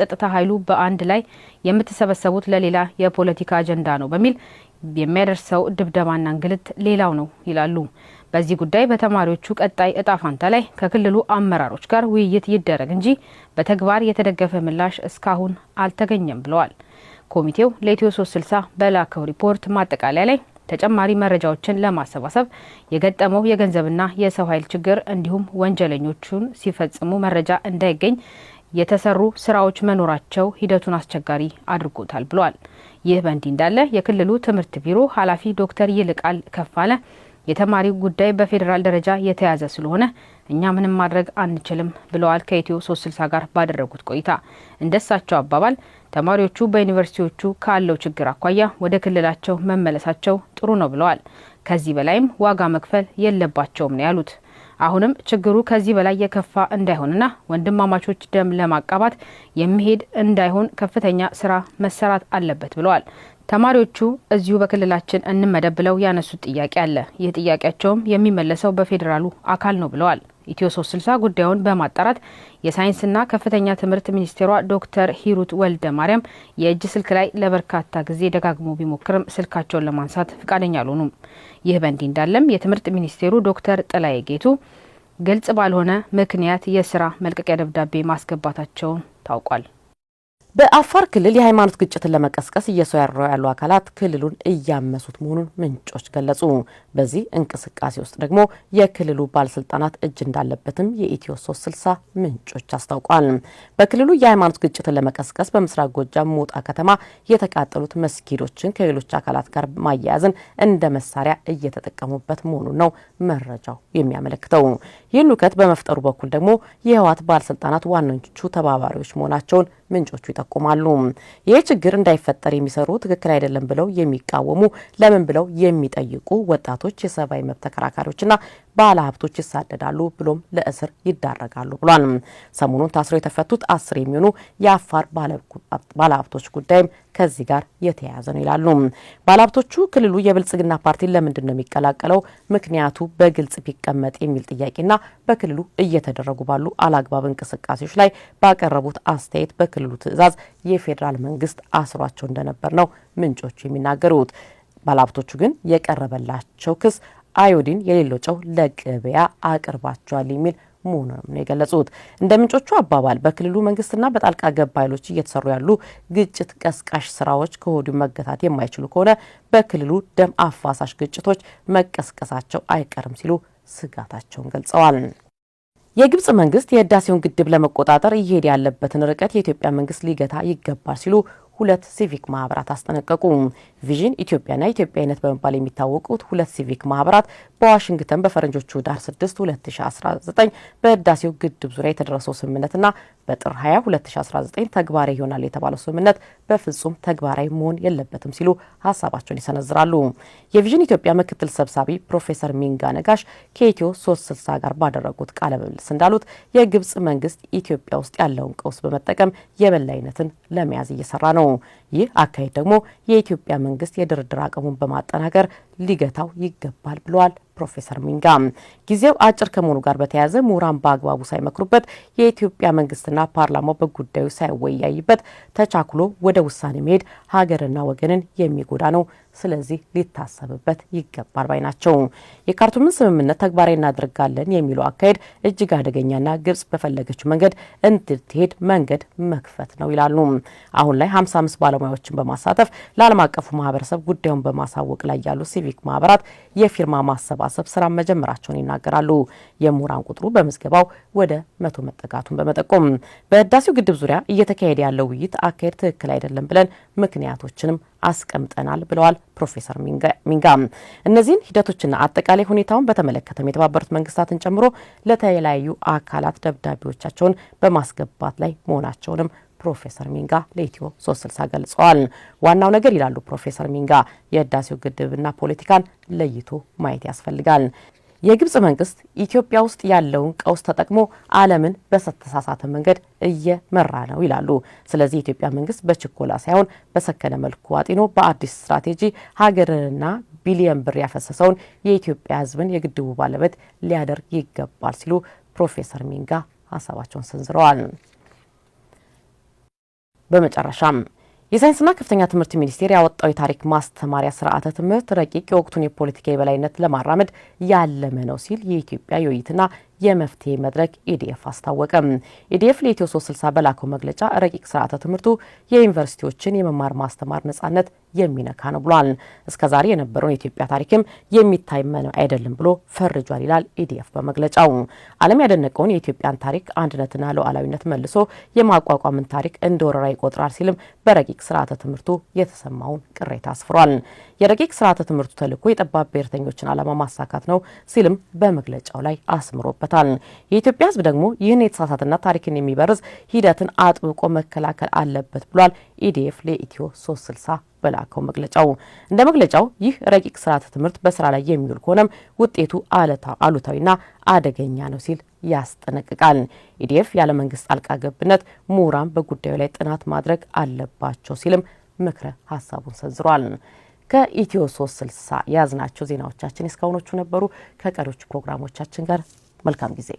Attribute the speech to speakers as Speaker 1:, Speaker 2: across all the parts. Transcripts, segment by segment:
Speaker 1: ጸጥታ ኃይሉ በአንድ ላይ የምትሰበሰቡት ለሌላ የፖለቲካ አጀንዳ ነው በሚል የሚያደርሰው ድብደባና እንግልት ሌላው ነው ይላሉ። በዚህ ጉዳይ በተማሪዎቹ ቀጣይ እጣ ፋንታ ላይ ከክልሉ አመራሮች ጋር ውይይት ይደረግ እንጂ በተግባር የተደገፈ ምላሽ እስካሁን አልተገኘም ብለዋል። ኮሚቴው ለኢትዮ 360 በላከው ሪፖርት ማጠቃለያ ላይ ተጨማሪ መረጃዎችን ለማሰባሰብ የገጠመው የገንዘብና የሰው ኃይል ችግር እንዲሁም ወንጀለኞቹን ሲፈጽሙ መረጃ እንዳይገኝ የተሰሩ ስራዎች መኖራቸው ሂደቱን አስቸጋሪ አድርጎታል ብሏል። ይህ በእንዲህ እንዳለ የክልሉ ትምህርት ቢሮ ኃላፊ ዶክተር ይልቃል ከፋለ የተማሪው ጉዳይ በፌዴራል ደረጃ የተያዘ ስለሆነ እኛ ምንም ማድረግ አንችልም ብለዋል። ከኢትዮ ሶስት ስልሳ ጋር ባደረጉት ቆይታ እንደሳቸው አባባል ተማሪዎቹ በዩኒቨርሲቲዎቹ ካለው ችግር አኳያ ወደ ክልላቸው መመለሳቸው ጥሩ ነው ብለዋል። ከዚህ በላይም ዋጋ መክፈል የለባቸውም ነው ያሉት። አሁንም ችግሩ ከዚህ በላይ የከፋ እንዳይሆንና ወንድማማቾች ደም ለማቃባት የሚሄድ እንዳይሆን ከፍተኛ ስራ መሰራት አለበት ብለዋል። ተማሪዎቹ እዚሁ በክልላችን እንመደብ ብለው ያነሱት ጥያቄ አለ። ይህ ጥያቄያቸውም የሚመለሰው በፌዴራሉ አካል ነው ብለዋል። ኢትዮ ሶስት ስልሳ ጉዳዩን በማጣራት የሳይንስና ከፍተኛ ትምህርት ሚኒስቴሯ ዶክተር ሂሩት ወልደ ማርያም የእጅ ስልክ ላይ ለበርካታ ጊዜ ደጋግሞ ቢሞክርም ስልካቸውን ለማንሳት ፍቃደኛ አልሆኑም። ይህ በእንዲህ እንዳለም የትምህርት ሚኒስቴሩ ዶክተር ጥላዬ ጌቱ ግልጽ ባልሆነ ምክንያት የስራ መልቀቂያ ደብዳቤ ማስገባታቸውን ታውቋል።
Speaker 2: በአፋር ክልል የሃይማኖት ግጭትን ለመቀስቀስ እየሰሩ ያሉ አካላት ክልሉን እያመሱት መሆኑን ምንጮች ገለጹ። በዚህ እንቅስቃሴ ውስጥ ደግሞ የክልሉ ባለስልጣናት እጅ እንዳለበትም የኢትዮ ሶስት ስልሳ ምንጮች አስታውቋል። በክልሉ የሃይማኖት ግጭትን ለመቀስቀስ በምስራቅ ጎጃም ሞጣ ከተማ የተቃጠሉት መስጊዶችን ከሌሎች አካላት ጋር ማያያዝን እንደ መሳሪያ እየተጠቀሙበት መሆኑን ነው መረጃው የሚያመለክተው። ይህን ሁከት በመፍጠሩ በኩል ደግሞ የህወሓት ባለስልጣናት ዋነኞቹ ተባባሪዎች መሆናቸውን ምንጮቹ ይጠቁማሉ። ይህ ችግር እንዳይፈጠር የሚሰሩ ትክክል አይደለም ብለው የሚቃወሙ ለምን ብለው የሚጠይቁ ወጣቶች፣ የሰብአዊ መብት ተከራካሪዎችና ባለ ሀብቶች ይሳደዳሉ ብሎም ለእስር ይዳረጋሉ ብሏል። ሰሞኑን ታስረው የተፈቱት አስር የሚሆኑ የአፋር ባለ ሀብቶች ጉዳይም ከዚህ ጋር የተያያዘ ነው ይላሉ። ባለሀብቶቹ ክልሉ የብልጽግና ፓርቲን ለምንድን ነው የሚቀላቀለው? ምክንያቱ በግልጽ ቢቀመጥ የሚል ጥያቄና በክልሉ እየተደረጉ ባሉ አላግባብ እንቅስቃሴዎች ላይ ባቀረቡት አስተያየት በክልሉ ትዕዛዝ የፌዴራል መንግስት አስሯቸው እንደነበር ነው ምንጮቹ የሚናገሩት። ባለሀብቶቹ ግን የቀረበላቸው ክስ አዮዲን የሌለው ጨው ለገበያ አቅርባቸዋል የሚል መሆኑንም ነው የገለጹት። እንደ ምንጮቹ አባባል በክልሉ መንግስትና በጣልቃ ገብ ኃይሎች እየተሰሩ ያሉ ግጭት ቀስቃሽ ስራዎች ከወዲሁ መገታት የማይችሉ ከሆነ በክልሉ ደም አፋሳሽ ግጭቶች መቀስቀሳቸው አይቀርም ሲሉ ስጋታቸውን ገልጸዋል። የግብጽ መንግስት የህዳሴውን ግድብ ለመቆጣጠር እየሄደ ያለበትን ርቀት የኢትዮጵያ መንግስት ሊገታ ይገባል ሲሉ ሁለት ሲቪክ ማህበራት አስጠነቀቁ። ቪዥን ኢትዮጵያና ኢትዮጵያዊነት በመባል የሚታወቁት ሁለት ሲቪክ ማህበራት በዋሽንግተን በፈረንጆቹ ዳር 6 2019 በህዳሴው ግድብ ዙሪያ የተደረሰው ስምምነትና በጥር 20 2019 ተግባራዊ ይሆናል የተባለው ስምምነት በፍጹም ተግባራዊ መሆን የለበትም ሲሉ ሀሳባቸውን ይሰነዝራሉ። የቪዥን ኢትዮጵያ ምክትል ሰብሳቢ ፕሮፌሰር ሚንጋ ነጋሽ ከኢትዮ 360 ጋር ባደረጉት ቃለ ምልልስ እንዳሉት የግብጽ መንግስት ኢትዮጵያ ውስጥ ያለውን ቀውስ በመጠቀም የበላይነትን ለመያዝ እየሰራ ነው። ይህ አካሄድ ደግሞ የኢትዮጵያ መንግስት የድርድር አቅሙን በማጠናከር ሊገታው ይገባል ብለዋል። ፕሮፌሰር ሚንጋ ጊዜው አጭር ከመሆኑ ጋር በተያያዘ ምሁራን በአግባቡ ሳይመክሩበት የኢትዮጵያ መንግስትና ፓርላማው በጉዳዩ ሳይወያይበት ተቻክሎ ወደ ውሳኔ መሄድ ሀገርና ወገንን የሚጎዳ ነው፣ ስለዚህ ሊታሰብበት ይገባል ባይ ናቸው። የካርቱምን ስምምነት ተግባራዊ እናደርጋለን የሚለው አካሄድ እጅግ አደገኛና ግብጽ በፈለገችው መንገድ እንድትሄድ መንገድ መክፈት ነው ይላሉ። አሁን ላይ 55 ባለሙያዎችን በማሳተፍ ለዓለም አቀፉ ማህበረሰብ ጉዳዩን በማሳወቅ ላይ ያሉ ሲቪክ ማህበራት የፊርማ ማሰባ የማሰባሰብ ስራ መጀመራቸውን ይናገራሉ። የምሁራን ቁጥሩ በምዝገባው ወደ መቶ መጠጋቱን በመጠቆም በህዳሴው ግድብ ዙሪያ እየተካሄደ ያለው ውይይት አካሄድ ትክክል አይደለም ብለን ምክንያቶችንም አስቀምጠናል ብለዋል ፕሮፌሰር ሚንጋ። እነዚህን ሂደቶችና አጠቃላይ ሁኔታውን በተመለከተም የተባበሩት መንግስታትን ጨምሮ ለተለያዩ አካላት ደብዳቤዎቻቸውን በማስገባት ላይ መሆናቸውንም ፕሮፌሰር ሚንጋ ለኢትዮ 360 ገልጸዋል። ዋናው ነገር ይላሉ ፕሮፌሰር ሚንጋ የህዳሴው ግድብና ፖለቲካን ለይቶ ማየት ያስፈልጋል። የግብጽ መንግስት ኢትዮጵያ ውስጥ ያለውን ቀውስ ተጠቅሞ ዓለምን በተሳሳተ መንገድ እየመራ ነው ይላሉ። ስለዚህ የኢትዮጵያ መንግስት በችኮላ ሳይሆን በሰከነ መልኩ አጢኖ በአዲስ ስትራቴጂ ሀገርንና ቢሊየን ብር ያፈሰሰውን የኢትዮጵያ ህዝብን የግድቡ ባለቤት ሊያደርግ ይገባል ሲሉ ፕሮፌሰር ሚንጋ ሀሳባቸውን ሰንዝረዋል። በመጨረሻም የሳይንስና ከፍተኛ ትምህርት ሚኒስቴር ያወጣው የታሪክ ማስተማሪያ ስርዓተ ትምህርት ረቂቅ የወቅቱን የፖለቲካ የበላይነት ለማራመድ ያለመ ነው ሲል የኢትዮጵያ የውይይትና የመፍትሄ መድረክ ኢዲኤፍ አስታወቀም። ኢዲኤፍ ለኢትዮ 360 በላከው መግለጫ ረቂቅ ስርዓተ ትምህርቱ የዩኒቨርሲቲዎችን የመማር ማስተማር ነጻነት የሚነካ ነው ብሏል። እስከዛሬ የነበረውን የኢትዮጵያ ታሪክም የሚታመን አይደለም ብሎ ፈርጇል ይላል ኢዲኤፍ በመግለጫው። ዓለም ያደነቀውን የኢትዮጵያን ታሪክ አንድነትና ሉዓላዊነት መልሶ የማቋቋምን ታሪክ እንደ ወረራ ይቆጥራል ሲልም በረቂቅ ስርዓተ ትምህርቱ የተሰማውን ቅሬታ አስፍሯል። የረቂቅ ስርዓተ ትምህርቱ ተልኮ የጠባብ ብሔርተኞችን ዓላማ ማሳካት ነው ሲልም በመግለጫው ላይ አስምሮበታል። የኢትዮጵያ ሕዝብ ደግሞ ይህን የተሳሳትና ታሪክን የሚበርዝ ሂደትን አጥብቆ መከላከል አለበት ብሏል። ኢዲኤፍ ለኢትዮ 360 በላከው መግለጫው እንደ መግለጫው ይህ ረቂቅ ስርዓተ ትምህርት በስራ ላይ የሚውል ከሆነም ውጤቱ አሉታዊና አደገኛ ነው ሲል ያስጠነቅቃል። ኢዲኤፍ ያለ መንግስት ጣልቃ ገብነት ምሁራን በጉዳዩ ላይ ጥናት ማድረግ አለባቸው ሲልም ምክረ ሀሳቡን ሰንዝሯል። ከኢትዮ 360 የያዝናቸው ዜናዎቻችን እስካሁኖቹ ነበሩ። ከቀሪዎቹ ፕሮግራሞቻችን ጋር መልካም ጊዜ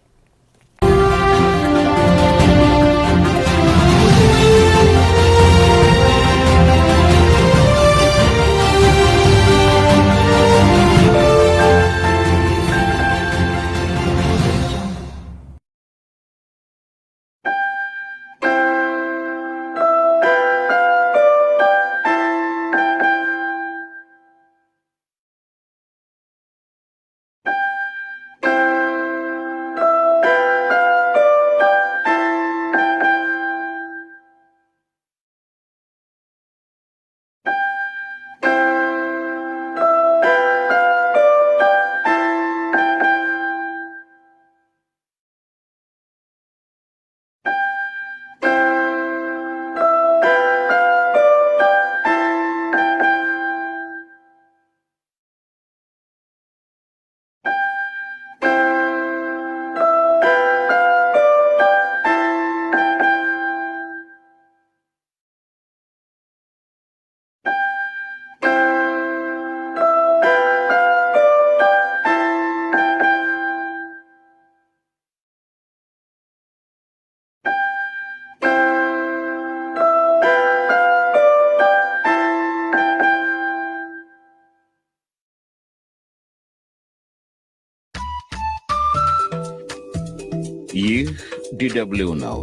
Speaker 3: ዲደብሊው ነው።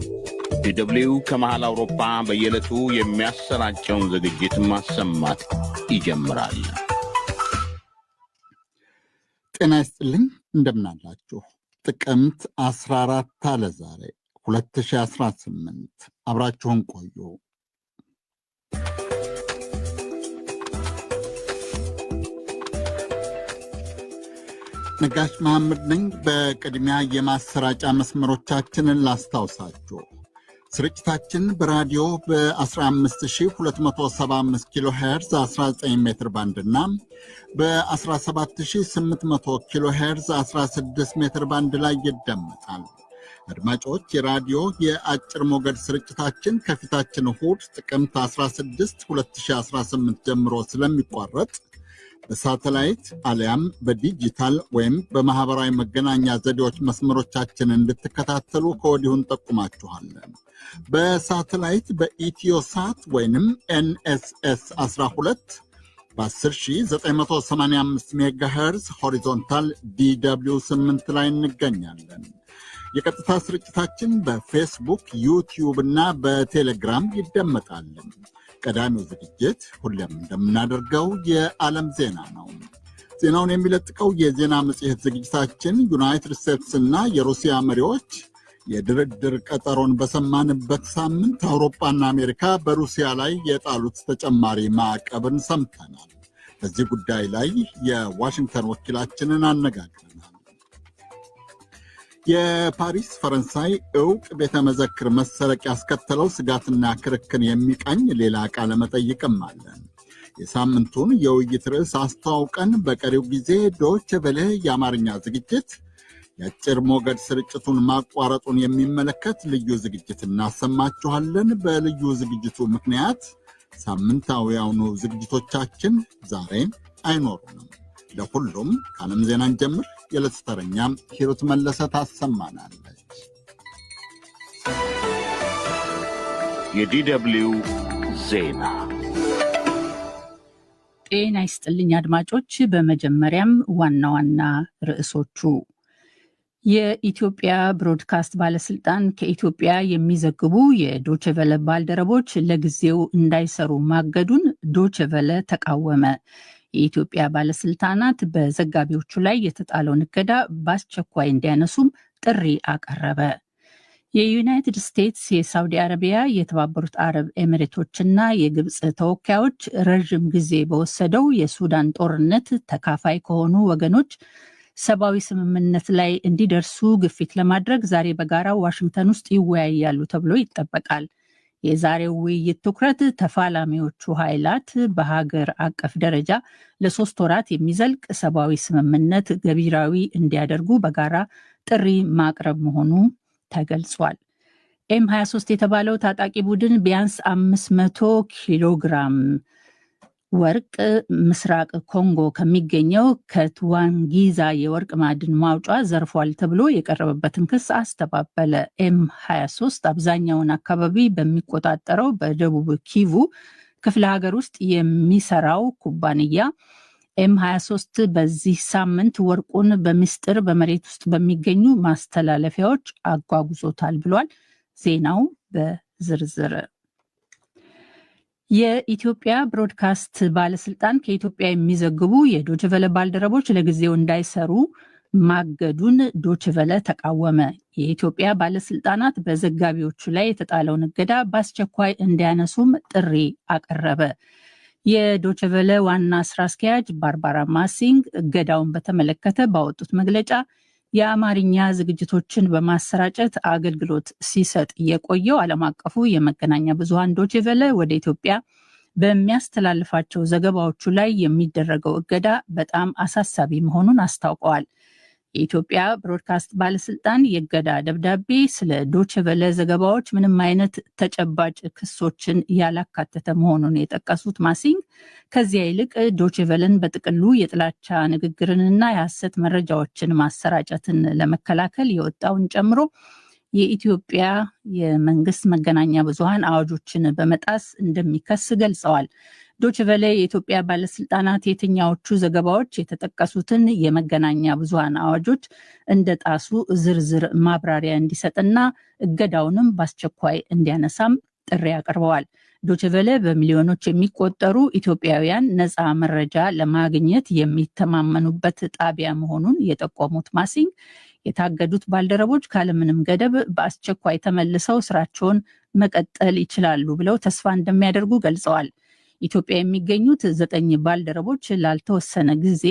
Speaker 3: ዲደብሊው ከመሃል አውሮፓ በየዕለቱ የሚያሰራጨውን ዝግጅት ማሰማት ይጀምራል። ጤና ይስጥልኝ፣ እንደምናላችሁ። ጥቅምት 14 አለ ዛሬ 2018። አብራችሁን ቆዩ። ነጋሽ መሐመድ ነኝ። በቅድሚያ የማሰራጫ መስመሮቻችንን ላስታውሳችሁ። ስርጭታችን በራዲዮ በ15275 ኪሎ ሄርዝ 19 ሜትር ባንድ እና በ17800 ኪሎ ሄርዝ 16 ሜትር ባንድ ላይ ይደመጣል። አድማጮች የራዲዮ የአጭር ሞገድ ስርጭታችን ከፊታችን እሁድ ጥቅምት 16 2018 ጀምሮ ስለሚቋረጥ በሳተላይት አሊያም በዲጂታል ወይም በማህበራዊ መገናኛ ዘዴዎች መስመሮቻችን እንድትከታተሉ ከወዲሁ እንጠቁማችኋለን። በሳተላይት በኢትዮሳት ወይንም ኤንኤስኤስ 12 በ10985 ሜጋሄርዝ ሆሪዞንታል ዲw 8 ላይ እንገኛለን። የቀጥታ ስርጭታችን በፌስቡክ፣ ዩቲዩብ እና በቴሌግራም ይደመጣል። ቀዳሚው ዝግጅት ሁሌም እንደምናደርገው የዓለም ዜና ነው። ዜናውን የሚለጥቀው የዜና መጽሔት ዝግጅታችን ዩናይትድ ስቴትስ እና የሩሲያ መሪዎች የድርድር ቀጠሮን በሰማንበት ሳምንት አውሮፓና አሜሪካ በሩሲያ ላይ የጣሉት ተጨማሪ ማዕቀብን ሰምተናል። በዚህ ጉዳይ ላይ የዋሽንግተን ወኪላችንን አነጋግረን የፓሪስ ፈረንሳይ እውቅ ቤተመዘክር መሰረቅ ያስከተለው ስጋትና ክርክር የሚቃኝ ሌላ ቃለ መጠይቅም አለን። የሳምንቱን የውይይት ርዕስ አስተዋውቀን በቀሪው ጊዜ ዶች ቬለ የአማርኛ ዝግጅት የአጭር ሞገድ ስርጭቱን ማቋረጡን የሚመለከት ልዩ ዝግጅት እናሰማችኋለን። በልዩ ዝግጅቱ ምክንያት ሳምንታዊያኑ ዝግጅቶቻችን ዛሬ አይኖሩንም። ለሁሉም ከዓለም ዜናን ጀምር የዕለት ተረኛ ሂሩት መለሰ ታሰማናለች። የዲደብልዩ ዜና
Speaker 4: ጤና ይስጥልኝ አድማጮች። በመጀመሪያም ዋና ዋና ርዕሶቹ የኢትዮጵያ ብሮድካስት ባለስልጣን ከኢትዮጵያ የሚዘግቡ የዶችቨለ ባልደረቦች ለጊዜው እንዳይሰሩ ማገዱን ዶችቨለ ተቃወመ። የኢትዮጵያ ባለስልጣናት በዘጋቢዎቹ ላይ የተጣለውን እገዳ በአስቸኳይ እንዲያነሱም ጥሪ አቀረበ። የዩናይትድ ስቴትስ፣ የሳውዲ አረቢያ፣ የተባበሩት አረብ ኤሚሬቶችና የግብፅ ተወካዮች ረዥም ጊዜ በወሰደው የሱዳን ጦርነት ተካፋይ ከሆኑ ወገኖች ሰብአዊ ስምምነት ላይ እንዲደርሱ ግፊት ለማድረግ ዛሬ በጋራ ዋሽንግተን ውስጥ ይወያያሉ ተብሎ ይጠበቃል። የዛሬው ውይይት ትኩረት ተፋላሚዎቹ ኃይላት በሀገር አቀፍ ደረጃ ለሶስት ወራት የሚዘልቅ ሰብአዊ ስምምነት ገቢራዊ እንዲያደርጉ በጋራ ጥሪ ማቅረብ መሆኑ ተገልጿል። ኤም 23 የተባለው ታጣቂ ቡድን ቢያንስ 500 ኪሎ ግራም ወርቅ ምስራቅ ኮንጎ ከሚገኘው ከትዋንጊዛ የወርቅ ማዕድን ማውጫ ዘርፏል ተብሎ የቀረበበትን ክስ አስተባበለ። ኤም 23 አብዛኛውን አካባቢ በሚቆጣጠረው በደቡብ ኪቩ ክፍለ ሀገር ውስጥ የሚሰራው ኩባንያ ኤም 23 በዚህ ሳምንት ወርቁን በምስጢር በመሬት ውስጥ በሚገኙ ማስተላለፊያዎች አጓጉዞታል ብሏል። ዜናው በዝርዝር የኢትዮጵያ ብሮድካስት ባለስልጣን ከኢትዮጵያ የሚዘግቡ የዶችቨለ ባልደረቦች ለጊዜው እንዳይሰሩ ማገዱን ዶችቨለ ተቃወመ። የኢትዮጵያ ባለስልጣናት በዘጋቢዎቹ ላይ የተጣለውን እገዳ በአስቸኳይ እንዲያነሱም ጥሪ አቀረበ። የዶችቨለ ዋና ስራ አስኪያጅ ባርባራ ማሲንግ እገዳውን በተመለከተ ባወጡት መግለጫ የአማርኛ ዝግጅቶችን በማሰራጨት አገልግሎት ሲሰጥ የቆየው ዓለም አቀፉ የመገናኛ ብዙሃን ዶቼ ቬለ ወደ ኢትዮጵያ በሚያስተላልፋቸው ዘገባዎቹ ላይ የሚደረገው እገዳ በጣም አሳሳቢ መሆኑን አስታውቀዋል። የኢትዮጵያ ብሮድካስት ባለስልጣን የእገዳ ደብዳቤ ስለ ዶችቨለ ዘገባዎች ምንም አይነት ተጨባጭ ክሶችን ያላካተተ መሆኑን የጠቀሱት ማሲንግ ከዚያ ይልቅ ዶችቨለን በጥቅሉ የጥላቻ ንግግርንና የሐሰት መረጃዎችን ማሰራጨትን ለመከላከል የወጣውን ጨምሮ የኢትዮጵያ የመንግስት መገናኛ ብዙሀን አዋጆችን በመጣስ እንደሚከስ ገልጸዋል። ዶችቨሌ የኢትዮጵያ ባለስልጣናት የትኛዎቹ ዘገባዎች የተጠቀሱትን የመገናኛ ብዙሀን አዋጆች እንደጣሱ ዝርዝር ማብራሪያ እንዲሰጥና እገዳውንም በአስቸኳይ እንዲያነሳም ጥሪ አቅርበዋል። ዶችቨለ በሚሊዮኖች የሚቆጠሩ ኢትዮጵያውያን ነፃ መረጃ ለማግኘት የሚተማመኑበት ጣቢያ መሆኑን የጠቆሙት ማሲንግ የታገዱት ባልደረቦች ካለምንም ገደብ በአስቸኳይ ተመልሰው ስራቸውን መቀጠል ይችላሉ ብለው ተስፋ እንደሚያደርጉ ገልጸዋል። ኢትዮጵያ የሚገኙት ዘጠኝ ባልደረቦች ላልተወሰነ ጊዜ